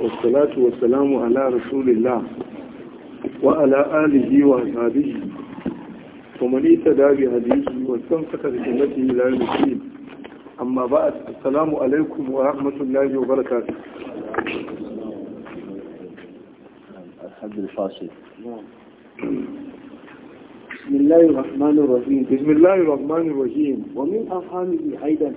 والصلاة والسلام على رسول الله وعلى آله وأصحابه ومن اهتدى بهديه واستمسك بسنته إلى يوم أما بعد السلام عليكم ورحمة الله وبركاته الحد الفاصل بسم الله الرحمن الرحيم بسم الله الرحمن الرحيم ومن أفهمه أيضا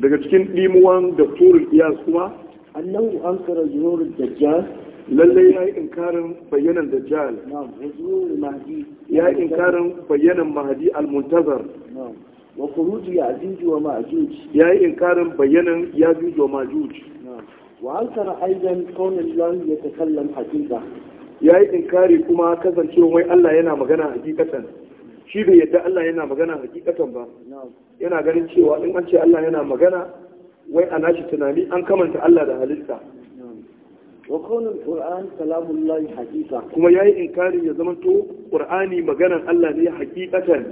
daga cikin limuwan da turul iyas kuma annahu ankara zuhur dajjal Lallai ya yi inkarin bayyanan dajjal ya yi inkarin bayyanan mahadi al-muntazar wa ya ya'juj wa ma'juj ya yi inkarin bayyanan ya'juj wa ma'juj wa ankara aidan kaunin lan yatakallam haqiqa ya yi inkari kuma kasancewa wai Allah yana magana hakikatan shi bai yadda Allah yana magana hakikatan ba yana ganin cewa in an ce Allah yana magana wai a nashi tunani an kamanta Allah da halitta wa kaunul qur'an kalamullahi haqiqa kuma yayi inkari ya zama to qur'ani maganar Allah ne haqiqatan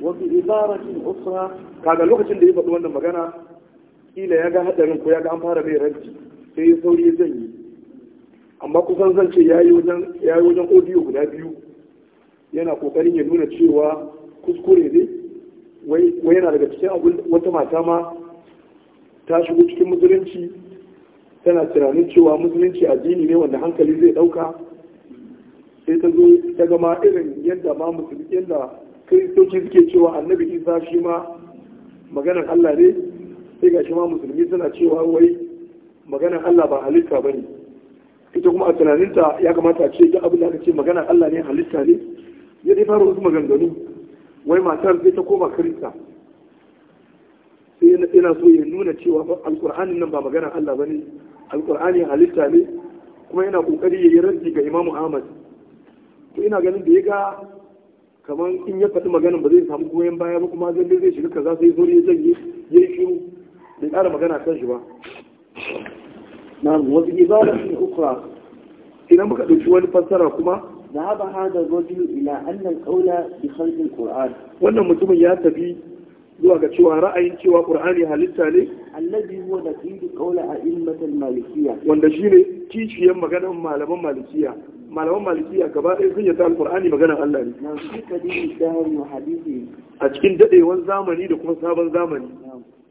wa bi ibaratin usra kaga lokacin da ya faɗi wannan magana kila ya ga hadarin ko ya ga an fara mai ranci sai ya sauri ya zanyi. amma kusan zan ce yayi wajen wajen audio guda biyu yana kokarin ya nuna cewa kuskure ne wai yana daga cikin abin wata mata ma ta shigo cikin musulunci tana tunanin cewa musulunci addini ne wanda hankali zai ɗauka sai ta zo ta gama irin yadda ma musulunci yadda suke cewa annabi isa shi ma maganar allah ne sai ga shi ma musulmi suna cewa wai maganar allah ba halitta ba ne ita kuma a tunaninta ya kamata a ce duk abin da aka ce maganar allah ne halitta ne ya dai fara wasu maganganu wai matar sai ta koma kirista yana so ya nuna cewa alkur'anin nan ba magana Allah ne. alkur'ani halitta ne kuma yana kokari ya yi raddi ga Imam Ahmad to ina ganin da ya ga kamar in ya faɗi maganin ba zai samu goyon baya ba kuma zai zai shiga kaza sai zo ya janye ya shiru bai ƙara magana kan shi ba na'am wasu ibada ne ukra idan muka dauki wani fassara kuma ذهب هذا الرجل إلى أن القول بخلق القرآن. wannan mutumin ya tafi. zuwa ga cewa ra'ayin cewa qur'ani halitta ne allazi huwa naqidu a a'immatul malikiya. wanda shine kiciyan maganar malaman malikiya malaman malikiya gaba ɗaya sun yata alqur'ani maganar Allah ne na shi kadin dahari wa hadisi a cikin dadewan zamani da kuma sabon zamani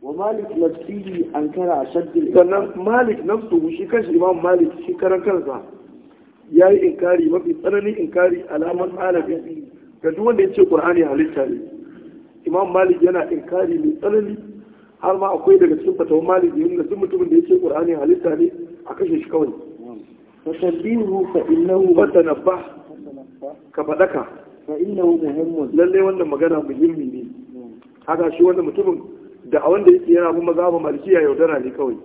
wa malik nafsihi ankara ashadd sannan malik nafsuhu shi kanshi imam malik shi karan kansa yayi inkari mafi tsananin inkari alaman alafi. ga duk wanda ya ce qur'ani halitta ne imam malik yana inkari mai tsanani har ma akwai daga cikin fatawan malik yin da duk mutumin da yake qur'ani halitta ne a kashe shi kawai fa tabihu fa innahu fatanabba ka fadaka fa innahu muhimmun lalle wannan magana muhimmi ne haka shi wannan mutumin da a wanda yake yana bin mazhabin malikiya yaudara ne kawai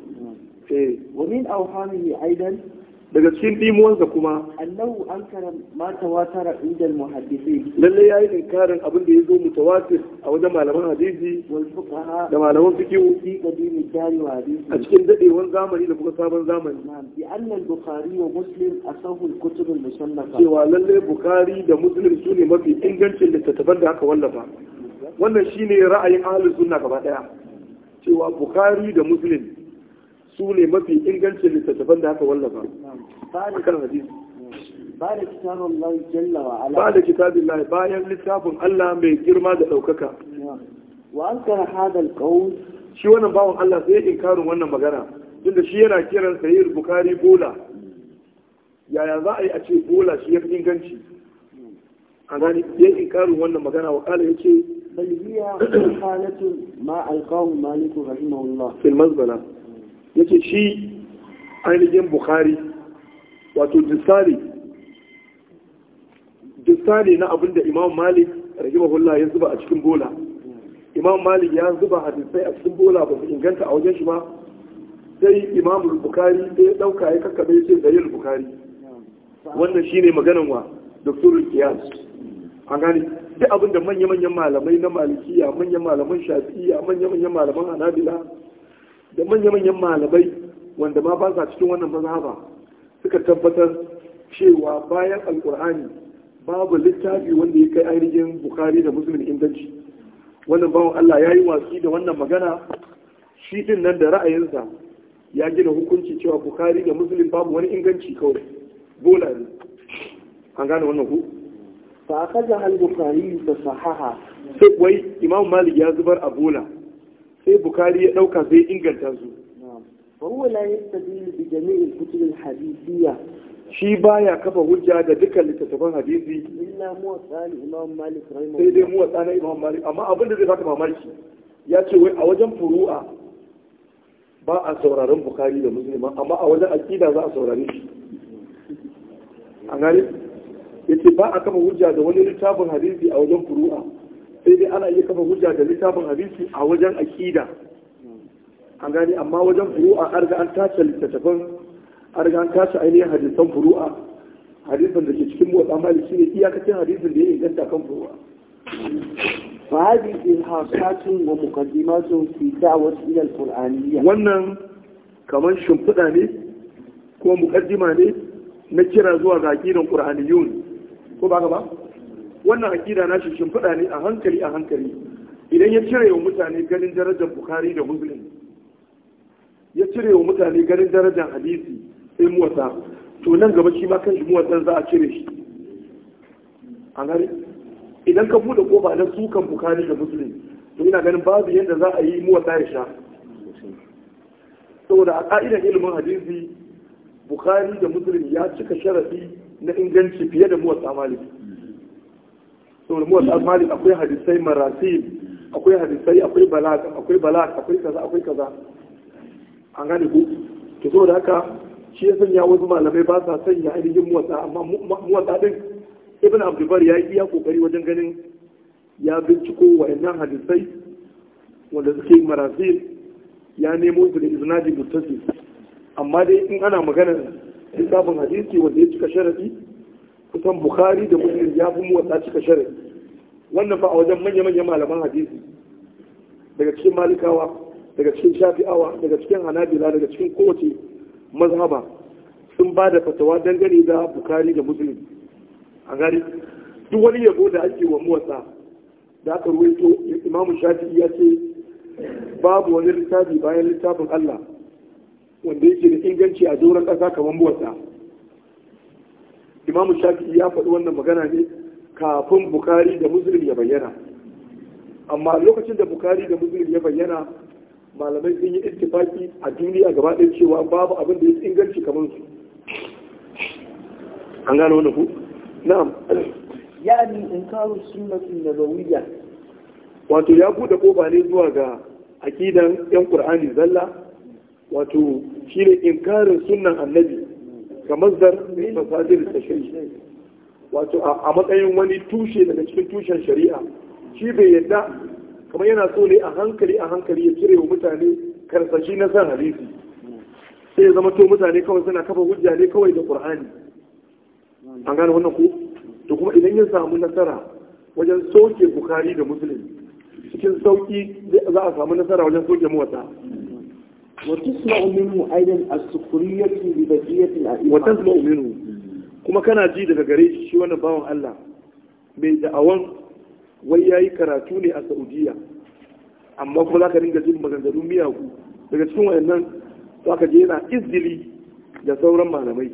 eh wa min awhamihi aidan daga cikin dimuwansa kuma annahu ankara ma tawatara inda muhaddisi lalle yayi inkarin abin da yazo mutawatir a wajen malaman hadisi wal fuqaha da malaman fiqh fi qadimi dari wa hadisi a cikin dadewan zamani da kuma sabon zamani bi anna al-bukhari wa muslim asahu al-kutub al-musannafa cewa lalle bukhari da muslim sune mafi ingancin littattafan da aka wallafa wannan shine ra'ayin ahlus sunna gaba daya cewa bukhari da muslim su ne mafi ingancin littattafan da aka wallafa kan hadisi بعد كتاب الله جل وعلا بعد كتاب الله بايا لكتاب الله من جرما ده shi wannan bawan Allah sai inkarin wannan magana tunda shi yana kiran sahih bukhari bola yaya za a yi a ce bola shi ya fi inganci a gani ya inkarin wannan magana wa kala ce. bal biya halatu ma alqaw maliku rahimahullah fil mazbala Yake shi ainihin bukhari wato jisali jisali na abinda imam malik rahimahullah ya zuba a cikin bola imam malik ya zuba hadisai a cikin bola ba su inganta a wajen shi ba sai imam bukari sai ya dauka ya kakkabe sai zayil bukari wannan ne maganan wa doktor kiyas an gane duk abinda manya-manyan malamai na malikiya manya malaman Shafiya, manya-manyan malaman hanabila da manya-manyan malamai wanda ma ba sa cikin wannan mazhaba suka tabbatar cewa bayan alkur'ani babu littafi wanda ya kai ainihin bukari da musulmin inganci wannan bawan allah ya yi watsi da wannan magana shi din nan da ra'ayinsa ya gina hukunci cewa bukari da musulmin babu wani inganci kawai bola ne an gane wannan ku fa a al-bukhari da sahaha sai wai imam malik ya zubar a bola sai bukari ya ɗauka sai inganta su فهو لا يستدل بجميع الكتب الحديثية shi baya kafa hujja da duka littattafan hadisi illa muwatta ni imam malik rahimahullah sai dai muwatta na imam malik amma abin da zai baka mamaki ya ce wai a wajen furu'a ba a sauraron bukari da musulman amma a wajen aqida za a saurare shi an gani yace ba a kafa hujja da wani littafin hadisi a wajen furu'a sai dai ana iya kafa hujja da littafin hadisi a wajen aƙida an gani amma wajen furu'a an riga an tace littattafan an riga an tace ainihin hadisan furu'a hadisan da ke cikin motsa mali shi ne iyakacin hadisin da ya inganta kan furu'a فهذه إلحاقات ومقدمات في دعوة إلى القرآنية wannan kamar shimfiɗa ne ko mukaddima ne na kira zuwa ga aƙidan ƙur'aniyun ko ba ka ba wannan akida na shi fada ne a hankali a hankali idan ya cire wa mutane ganin darajar bukhari da muslim ya cire wa mutane ganin darajar hadisi sai muwasa to nan gaba shi ma kan shi muwasan za a cire shi a gari idan ka buɗe kofa na sukan bukhari da muslim to ina ganin babu yadda za a yi muwasa ya sha saboda a ƙa'idar ilimin hadisi bukhari da muslim ya cika sharafi na inganci fiye da muwasa maliki sulmuwar mu al malik akwai hadisai marasil akwai hadisai akwai balag akwai balag akwai kaza akwai kaza an gane ku to saboda haka shi ya sanya wasu malamai ba sa sanya ainihin muwatsa amma muwatsa din ibn abdubar ya yi iya kokari wajen ganin ya binciko wa'annan hadisai wanda suke marasil ya nemo su da iznadi mutasi amma dai in ana maganar sabon hadisi wanda ya cika sharadi kusan bukhari da muslim ya fi muwasa cika shari wannan fa a wajen manya-manyan malaman hadisi daga cikin malikawa daga cikin shafi'awa daga cikin hanabila daga cikin kowace mazhaba sun ba da fatawa dangane da bukari da muslim a gari duk wani yabo da ake wa muwasa da aka ruwaito imamu shafi'i ya ce babu wani littafi bayan littafin allah wanda yake da inganci a doron ƙasa kamar muwasa imamu shafi'i ya faɗi wannan magana ne kafin bukari da muslim ya bayyana amma lokacin da bukari da muslim ya bayyana malamai sun yi ittifaki a duniya gaba ɗaya cewa babu abin da ya inganci kamar su an gano wani ku na'am in karu sunnatin nabawiyya wato ya bude kofa ne zuwa ga akidan yan qur'ani zalla wato shine inkarin sunnan annabi ga mazdar masajir da shari'a wato a matsayin wani tushe daga cikin tushen shari'a shi bai yadda kamar yana so ne a hankali a hankali ya cire wa mutane karsashi na san hadisi sai ya zama to mutane kawai suna kafa hujja ne kawai da qur'ani an gane wannan ku? to kuma idan ya samu nasara wajen soke bukari da musulun, cikin sauki za a samu nasara wajen soke muwata وتسمع منه أيضا السخرية ببقية الأئمة وتسمع منه كما كان جيد فقريش شوانا باون الله من karatu ne a السعودية amma kuma za ka ringa jin maganganu miyagu daga cikin wayannan za ka je yana izgili da sauran malamai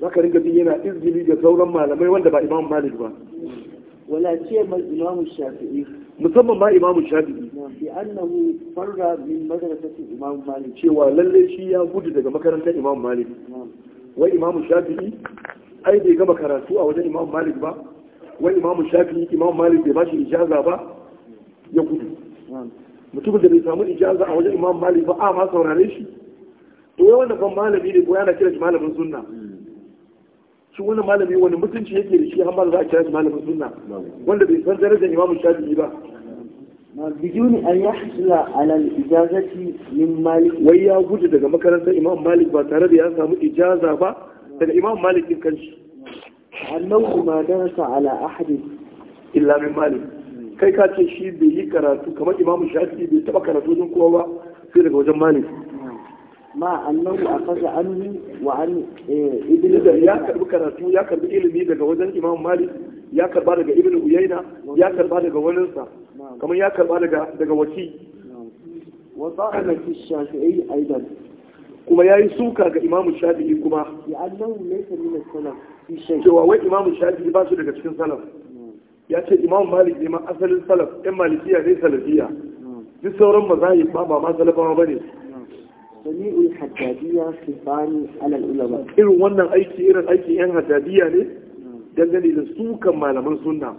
za ka ringa jin yana izgili da sauran malamai wanda ba imam malik ba wala ce mai imam shafi'i musamman ma imamu shafi'i bi annahu farra min madrasati imamu malik cewa lalle shi ya gudu daga makarantar imamu malik wai imamu shafi'i ai bai gama karatu a wajen imamu malik ba wai imamu shafi'i imamu malik bai bashi ijaza ba ya gudu mutumin da bai samu ijaza a wajen imamu malik ba a ma saurare shi to wai wannan ban malami ne ko yana kira shi malamin sunna hmm. shi wani malami wani mutunci yake da shi har ma za a kira shi malamin sunna wanda bai san darajar imam shafi'i ba بدون أن يحصل على min من Wai ya وجد daga makarantar Imam Malik ba tare da ya samu ijaza ba daga Imam Malik din kanshi annahu ma darasa ala ahad illa min Malik kai ka ce shi bai yi karatu kamar Imam Shafi'i bai taba karatu din kowa ba sai daga wajen Malik ma annahu akaza anhu wa an eh, ibnu ya karbi karatu ya karbi ilimi daga wajen imam malik ya karba daga Ibn uyaina ya karba daga waninsa kamar ya karba daga daga waki wa sa'ana fi shafi'i aidan kuma yayi suka ga imam shafi'i kuma ya annahu laysa min salaf fi shay cewa wai imam shafi'i ba su daga cikin salaf ya ce imam malik ne ma asalin salaf ɗan malikiya ne salafiya duk sauran mazahib ba ba ma salafawa bane jami'ul haddadiya bani alal ulama irin wannan aiki irin aiki yan haddadiya ne dangane da sukan malaman sunna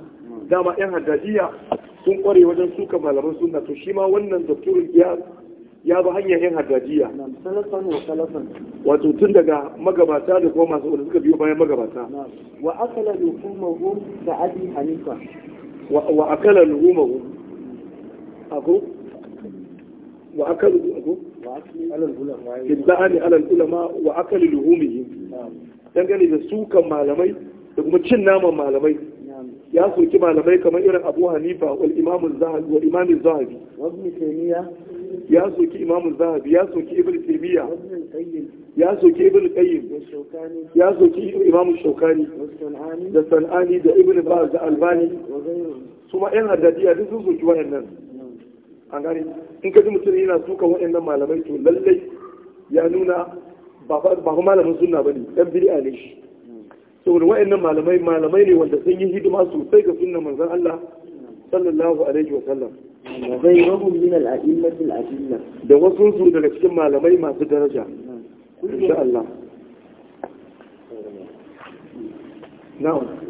dama yan haddadiya sun kware wajen sukan malaman sunna to shi ma wannan doktorin ya ya bi hanyar yan haddadiya wato tun daga magabata da kuma masu wanda suka biyo bayan magabata wa akala luhumahum da abi hanifa wa akala luhumahum ako wa akala luhumahum billahi alal ulama wa akali luhumihim dangane da sukan malamai da kuma cin naman malamai ya soki malamai kamar irin Abu Hanifa wal Imam Zahabi wal Imam Zahabi ya soki Imam Zahabi ya soki Ibn Taymiya ya soki Ibn Qayyim ya soki Imam Shawkani da Sanani da Ibn Baz da Albani su ma yan haddadiya duk sun soki wayannan an gane in ka ji mutum yana suka waɗannan malamai to lallai ya nuna ba fa malamin sunna bane dan bid'a ne shi saboda waɗannan malamai malamai ne wanda sun yi hidima sosai ga sunnan manzon Allah sallallahu alaihi wa sallam wa ghayrahum min al-a'immati al da wasu su daga cikin malamai masu daraja insha Allah na'am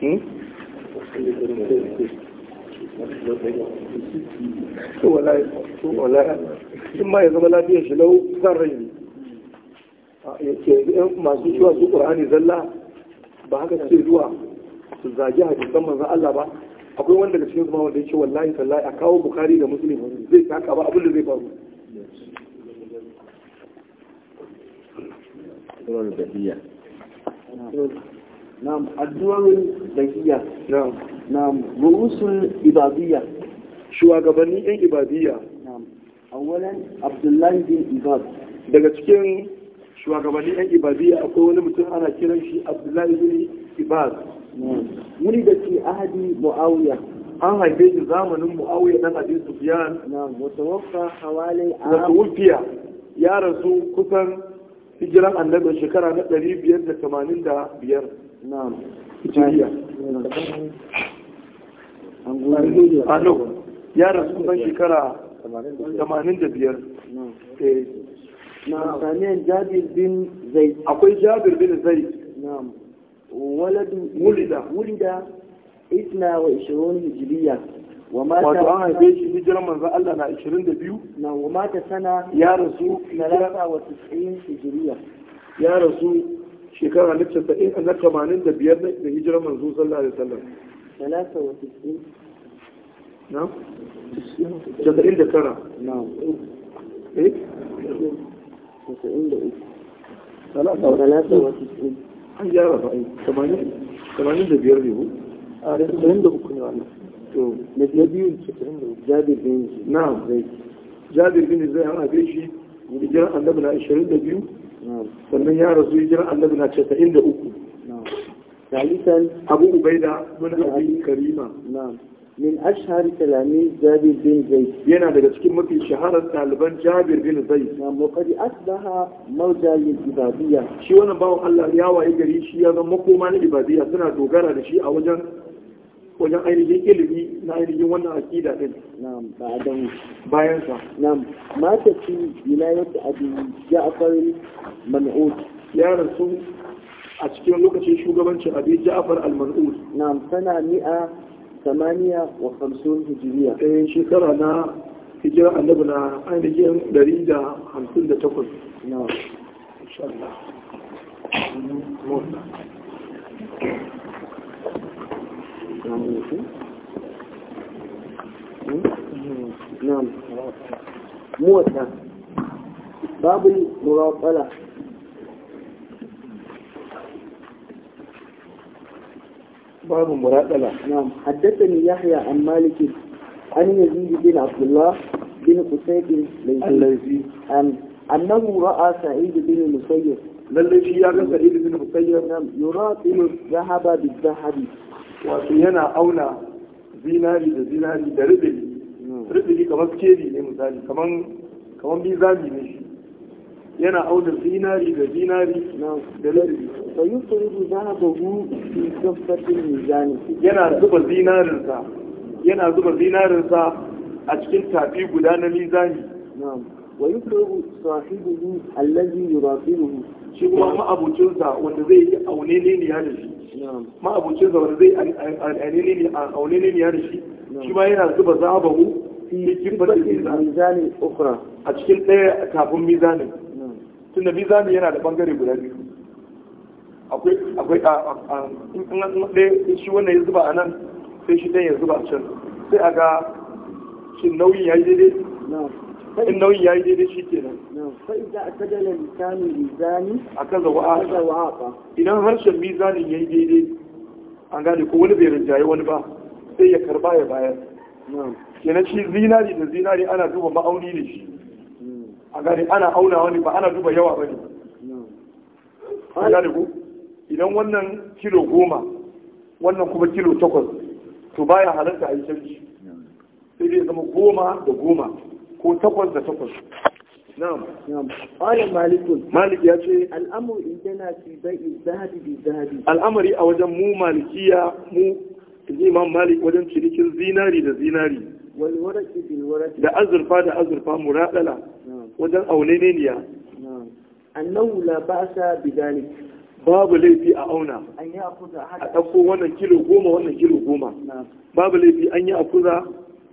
Hmm? to wallahi to wallahi in ma ya zama lafiyar shi lau zan rai ne ya ce masu zuwa su ƙur'ani zalla ba haka ce zuwa su zagi hadisan manzon Allah ba akwai wanda daga cikin zuma wanda ya ce wallahi sallahi a kawo bukari da musulmi zai taka ba abin da zai faru Sunan نعم الدول البيئية نعم نعم رؤوس الإبادية شو أقبلني أي إبادية نعم أولا عبد الله daga cikin shugabanni yan ibadiyya akwai wani mutum ana kiran shi abdullahi bin ibad muni da ke ahadi muawiya an haife shi zamanin muawiya dan abi sufyan wa tawaffa hawali wa tawfiya ya rasu kusan hijiran annabi shekara na biyar. a ya rasu ban shekara 85 na eh. saniyan jabir bin zai akwai jabir bin zai waladu wulida wulida isna wa 20 hijriya wa mata wato an haife shi hijiran manzo Allah na 22 na wa mata sana ya rasu na rasa wa 90 hijriya ya rasu shekara na na tamanin da biyar da hijirar manzo sallallahu alaihi wasallam talata wa tisin na da tara na eh da uku talata wa tisin an gyara ba tamanin da biyar ne ku a da uku ne wannan to na biyu casa'in da uku jabir bin na zai jabir bin zai an haife shi hijirar annabi na ashirin da biyu sannan ya rasu jira annabi na casa'in da uku Abu abu عبيدة بن أبي Karima. نعم من أشهر تلاميذ جابر بن zai. Yana daga cikin mafi shaharar taliban Jabir bin Zaid na wa asbaha mawja ibadiyya shi wannan bawon Allah ya waye gari shi ya zama makoma na ibadiyya suna dogara da shi a wajen wajen ainihin ilimi na ainihin wannan akida din na'am ba dan bayan sa na'am mata ci wilayat abi ja'far man'ud ya rasu a cikin lokacin shugabancin abi ja'far al-man'ud na'am sana mi'a samaniya wa khamsun hijriya eh shekara na hijira annabi na ainihin 158 na'am insha Allah نعم موتى باب المراطلة باب المراطلة نعم حدثني يحيى عن مالك عن يزيد بن عبد الله بن قسيد الذي عن أنه رأى سعيد بن المسيب الذي يرى سعيد بن المسيب نعم يراطل الذهب بالذهب wato yana auna zinari da zinari da rubili hmm. rubili kamar skeli ne misali kamar bizami ne shi yana auna zinari da zinari da rubili fa yusrifu zahabahu fi kaffatin mizani yana zuba zinarinsa yana zuba zinarinsa a cikin tafi guda na mizani wa yuflihu sahibihi allazi yurafiluhu shi kuma ma'abucinsa wanda zai yi aunene ne ya da shi ma'abucinsa wanda zai aunene ne ya da shi shi yana zuba zabahu fi kifatin mizanin a cikin ɗaya kafin mizanin tunda mizanin yana da bangare guda biyu akwai akwai a shi wannan ya zuba a nan sai shi ɗaya zuba a can sai a ga shin nauyin ya yi daidai nauyi ya yi daidai shi kenan fa idza mizani wa akaza wa idan harshen mizanin yi daidai an gane ko wani bai rinjaye wani ba sai ya karba ya bayar kenan shi zinari da zinari ana duba ma'auni ne shi hmm. a gane ana auna wani ba ana duba yawa ba ne a gane ku idan wannan kilo goma wannan kuma kilo takwas to baya halarta a yi canji sai dai zama goma da goma ko takwas da takwas na'am na'am qala malik malik ya ce al'amru indana fi bai'i zahabi bi zahabi al'amari a wajen mu malikiya mu imam malik wajen cinikin zinari da zinari wal warqi bil warqi da azurfa da azurfa muradala wajen aune ne niya annahu la ba'sa bi dhalik babu laifi a auna a ɗauko wannan kilo goma wannan kilo goma babu laifi an yi akuza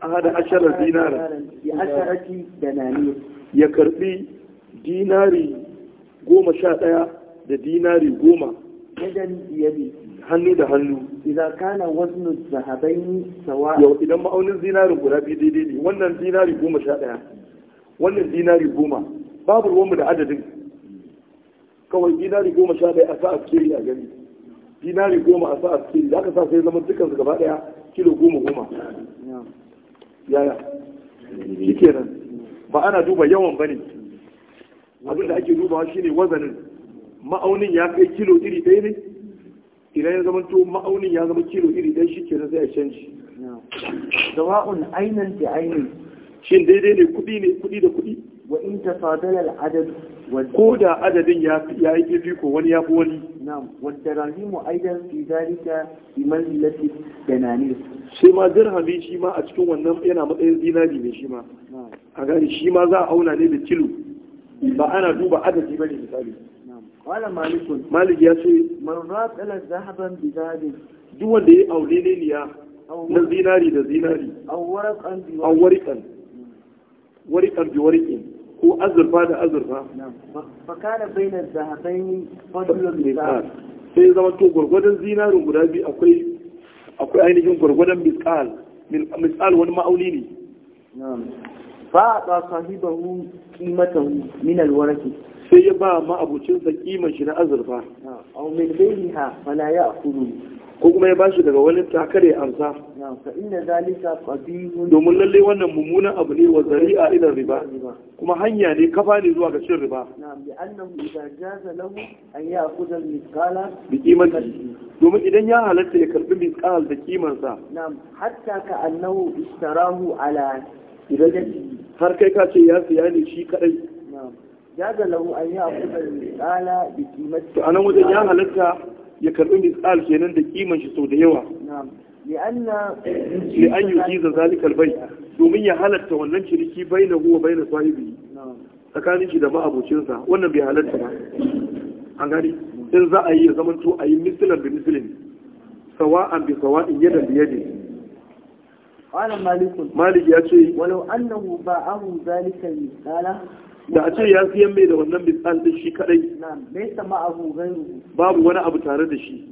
ahada ashirar dinara ya asharati danani ya karbi dinari goma sha daya da dinari goma yadan biyadi hannu da hannu idan kana waznu zahabaini sawa yau idan ma'aunin dinarin guda biyu daidai ne wannan dinari goma sha daya wannan dinari goma babu ruwanmu da adadin kawai dinari goma sha daya a sa askeri a gani dinari goma a sa askeri za ka sa sai zama dukansu gaba daya kilo goma goma yaya shi kenan ba ana duba yawan ba ne abinda ake dubawa shine wazanin ma'aunin ya kai kilo iri ɗaya ne idan ya zama to ma'aunin ya zama kilo iri ɗaya shi kenan sai a canji sawa'un ainihin da ainihin shin daidai ne kuɗi ne kuɗi da kuɗi wa in tafadala al ko da adadin ya yi ko wani ya fi wani نعم والدراهم أيضا في ذلك بمنزلة الدنانير shi ma dirhami shi ma a cikin wannan yana matsayin zinari ne shi ma a gani shi ma za a auna ne da kilo ba ana duba adadi ba ne misali wala malikun malik ya ce man ratala zahaban bi duk wanda ya aure ne niya na zinari da zinari awwarikan bi warikan warikan ko azurfa da azurfa fakana bainar zahabaini fadlun misal ah, sai zama to gwargwadon zinarin guda biyu akwai akwai ainihin gwargwadon misal misal wani ma'auni ne Ba fa ta sahibahu qimatahu min alwaraki sai ya ba ma abucin sa shi na azurfa aw min bainaha fala ya'kulu ko kuma ya bashi daga wani takar ya amsa domin lallai wannan mummunan abu ne wa zari'a idan riba kuma hanya ne kafa ne zuwa ga cin riba bi kiman domin idan ya halatta ya karbi misqal da kimansa hatta ka annahu istarahu ala har kai ka ce ya siya ne shi kadai jaza lahu an bi to anan wajen ya halatta ya karbi misal kenan da kiman shi sau da yawa li an yi yujiza zalikal bai domin ya halatta wannan ciniki na huwa na sahibi tsakanin shi da ma'abocinsa wannan bai halatta ba an gani in za a yi ya to a yi misilan da misilin sawa'an bi sawa'in yadda da yadin Malik ya ce يا annahu ولو أنه باعه ذلك المثال da a ce ya siyan mai da wannan misal da shi kadai babu wani abu tare da shi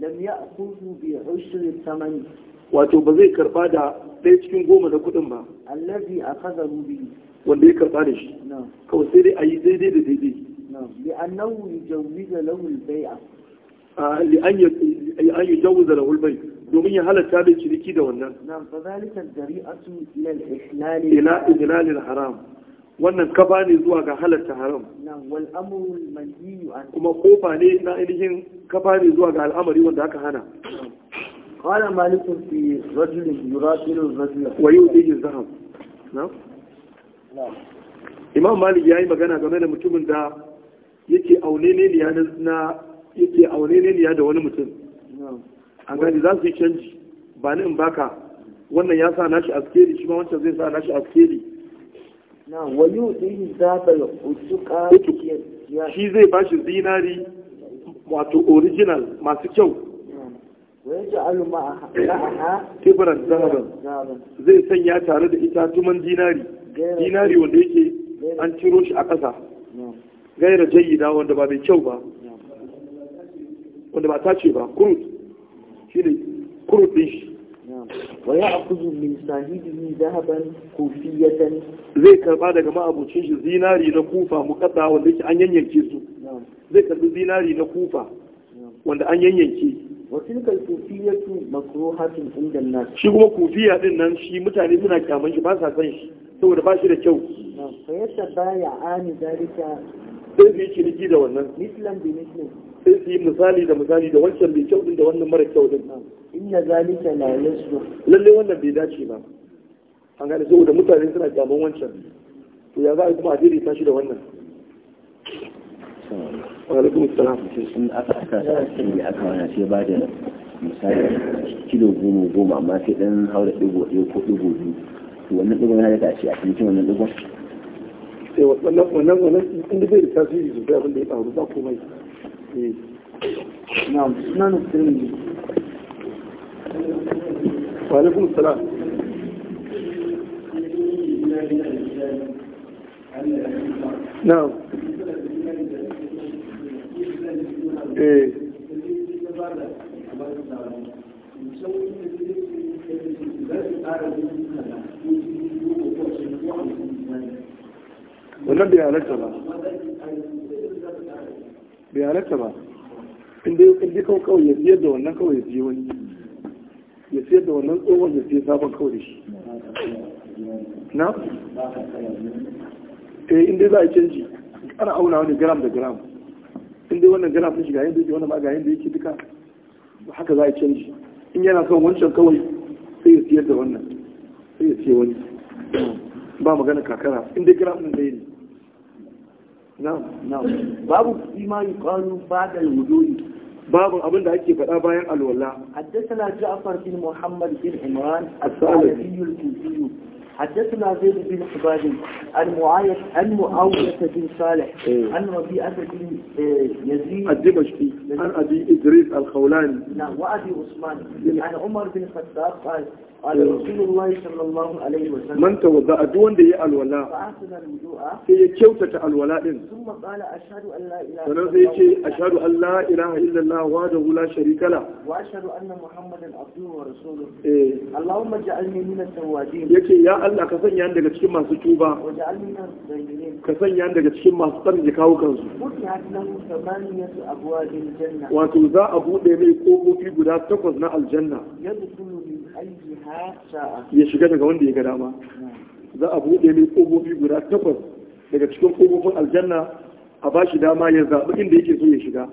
wato ba zai karba da ɗaya cikin goma da kuɗin ba wanda ya karba da shi kawai sai dai a yi daidai da daidai li'annahu yujawwiza lahu al-bay'a li'an yujawwiza lahu domin ya halatta da ciniki da wannan na ila al haram wannan kafa ne zuwa ga halatta haram kuma kofa ne na ainihin kafa ne zuwa ga al'amari wanda aka hana قال مالك في رجل يراسل الرجل ويؤذيه الذهب na? imam malik ya yi magana game da mutumin da yake aune ne ya na yake aune ne ya da wani mutum a gani za su yi canji ba ni in baka wannan ya sa nashi askeri shi ma wancan zai sa nashi askeri shi zai ba shi zinari wato original masu kyau tibiran zaharar zai sanya tare da ita itatuman dinari dinari wanda yake an ciro shi a ƙasa gaira jayyida wanda ba mai kyau ba wanda ba tace ba kurut shi ne kurut din shi wa ya'khudhu min sahibihi dhahaban kufiyatan zai karba daga ma'abucin shi zinari na kufa muqatta wanda yake an yanyanke su zai karbi zinari na kufa wanda an yanyanke wa tilka al-kufiyatu makruhatun inda an-nas shi kuma kufiya din nan shi mutane suna kyaman shi ba sa san shi saboda ba shi da kyau fa yadda baya ani zalika sai su yi ciniki da wannan mislan bi mislan sai su yi misali da misali da wancan mai kyau din da wannan mara kyau din inna zalika la yasdu lalle wannan bai dace ba an gane saboda mutane suna kyaman wancan to ya za a kuma adiri ta shi da wannan alaikum salam sun aka aka sai aka wani sai ba da misali kilo goma goma amma sai dan haura digo ɗaya ko digo biyu to wannan digo yana da shi a cikin wannan digo sai eh, wannan wannan wannan inda bai da tasiri sosai abin da ya faru ba komai eh. na'am sunan musulmi wa alaikum salam na'am eh wannan bai halatta ba bai halatta ba inda kawai ya siyar da wannan kawai ya siye wani ya siyar da wannan tsohon ya siya sabon kawai da shi na? ta eh, yi inda za a canji ana auna wani gram da gram inda wannan gram ɗin shiga yadda yake wannan ma ga yadda yake duka haka za a canji in yana son wancan kawai sai ya siyar da wannan sai ya siya wani ba magana kakara inda gram ɗin yi ne na babu imani kwanu ba da yi babu abin da ake faɗa bayan alwala haddathana ja'far bin muhammad bin imran as-salafi al-kufi حدثنا زيد بن حباب عن معاوية عن معاوية بن صالح عن ربيعة بن يزيد الدمشقي عن أبي إدريس الخولاني نعم وأبي عثمان عن عمر بن الخطاب قال man tawadda a duk wanda ya alwala sai ya kyautata alwala din sannan sai ya ce ashadu an allah, ilaha illallah wa da hula sharika la wa ashadu anna muhammadan abduhu wa rasuluhu eh allahumma ja'alni min at-tawwabin yace ya Allah ka sanya daga cikin masu tuba ka sanya daga cikin masu tsarki kawo kansu wato za a bude mai kofofi guda takwas na aljanna yadkhulu min hayyiha ya shiga daga wanda ya ga dama za a buɗe mai ƙofofi guda takwas daga cikin ƙofofin aljanna a ba shi dama ya zaɓi inda yake so ya shiga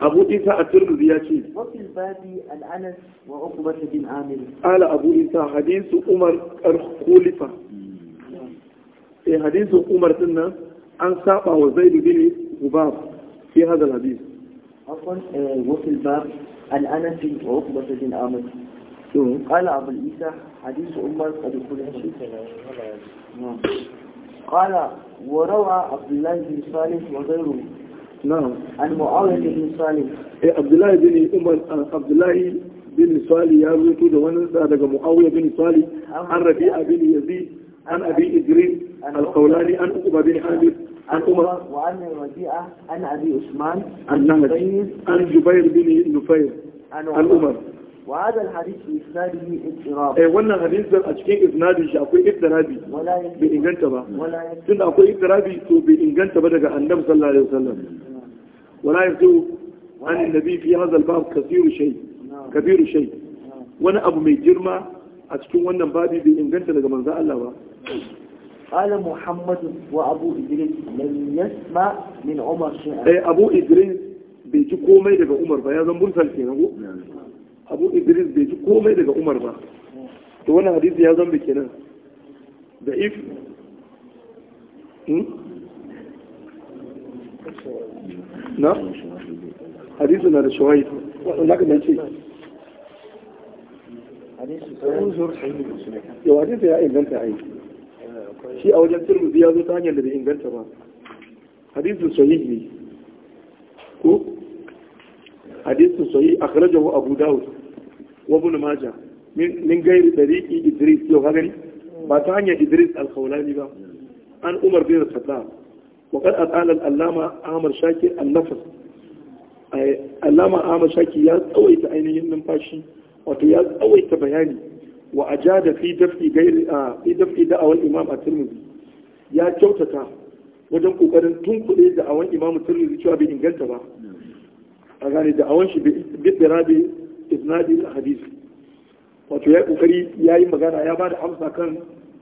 abu isa a turmuzi ya ce ala abu isa hadisu umar ƙarfulifa. a eh, hadisu umar din nan an saba wa zai dubi bin hubab fi hadal hadisu عن أنس وعقبة بن عامر قال أبو العيسى حديث عمر قد نعم قال وروى عبد الله بن صالح وغيره نعم عن معاوية بن صالح عبد الله بن عمر عبد الله بن صالح يا رويتو ده وانا ده معاوية بن صالح عن ربيعة بن يزيد عن أبي إدريس القولاني عن أقبة بن حامد عن عمر وعن الربيعة عن أبي عثمان عن نهج عن جبير بن نفير عن عمر وهذا الحديث بإسناده اضطراب إيه وانا حديث ده أشكين إسناده شاكوي إضطرابي ولا يكفي بإنجان تبا ولا يكفي سنة أكوي إضطرابي تو بإنجان تبا دقى النبي صلى الله عليه وسلم ولا يكفي عن النبي في هذا الباب كثير شيء كبير شيء وانا أبو ميجرما أشكين وانا بابي بإنجان تبا دقى منزع الله قال Muhammadu وابو ادريس لم يسمع من عمر bai ji komai daga umar ba ya zan mursal ke nago abu idris bai ji komai daga umar ba to wannan hadisi ya zan bike nan na hadisi na da shawayi ya inganta aiki shi a wajen turmuzi ya zo ta hanyar da bai inganta ba hadisun sahih ne ko hadisun sahih akhrajahu abu Dawud, wa ibn maja min gairi dariqi idris yau ka gani ba ta hanyar idris al ba an umar bin al-khattab wa qad atala al-allama ahmad shakir an-nafs allama ahmad shakir ya tsawaita ainihin numfashi wato ya tsawaita bayani wa ajada fi dafi gairi a fi dafi da'awar imam a tirmidhi ya kyautata wajen kokarin tunkuɗe awan imam a tirmidhi cewa bai inganta ba a gane da da'awar shi bi birabi isnadi hadis wato ya kokari ya yi magana ya bada amsa kan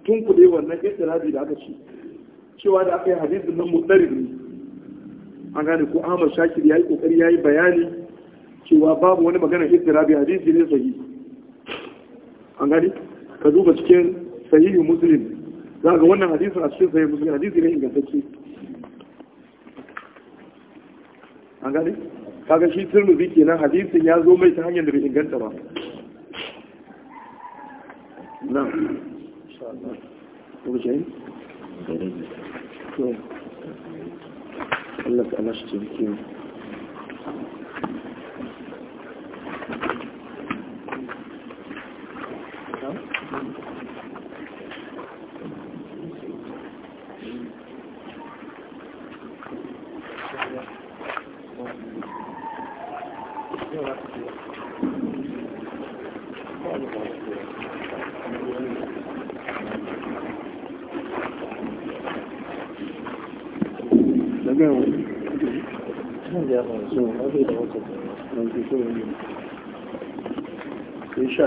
tunkuɗe wannan istirabi da aka ci cewa da aka yi hadis nan mutsari ne A gane ko Ahmad Shakir ya yi kokari ya yi bayani cewa babu wani magana rabe hadis ne sahihi an gani ka duba cikin sahihi muslim za ga wannan hadisin a cikin sahihi muslim hadisi ne ingantacce an gani kaga shi tirmidhi kenan hadisin ya zo mai ta hanyar da bai inganta ba insha Allah ko Allah ta cikin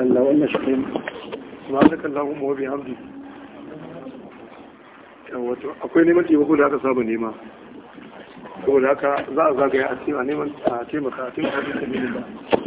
الله وإن شكرا سبحانك اللهم وبحمدك akwai neman taimako da aka saba nema da aka za a zagaya a taimaka a taimaka a taimaka a taimaka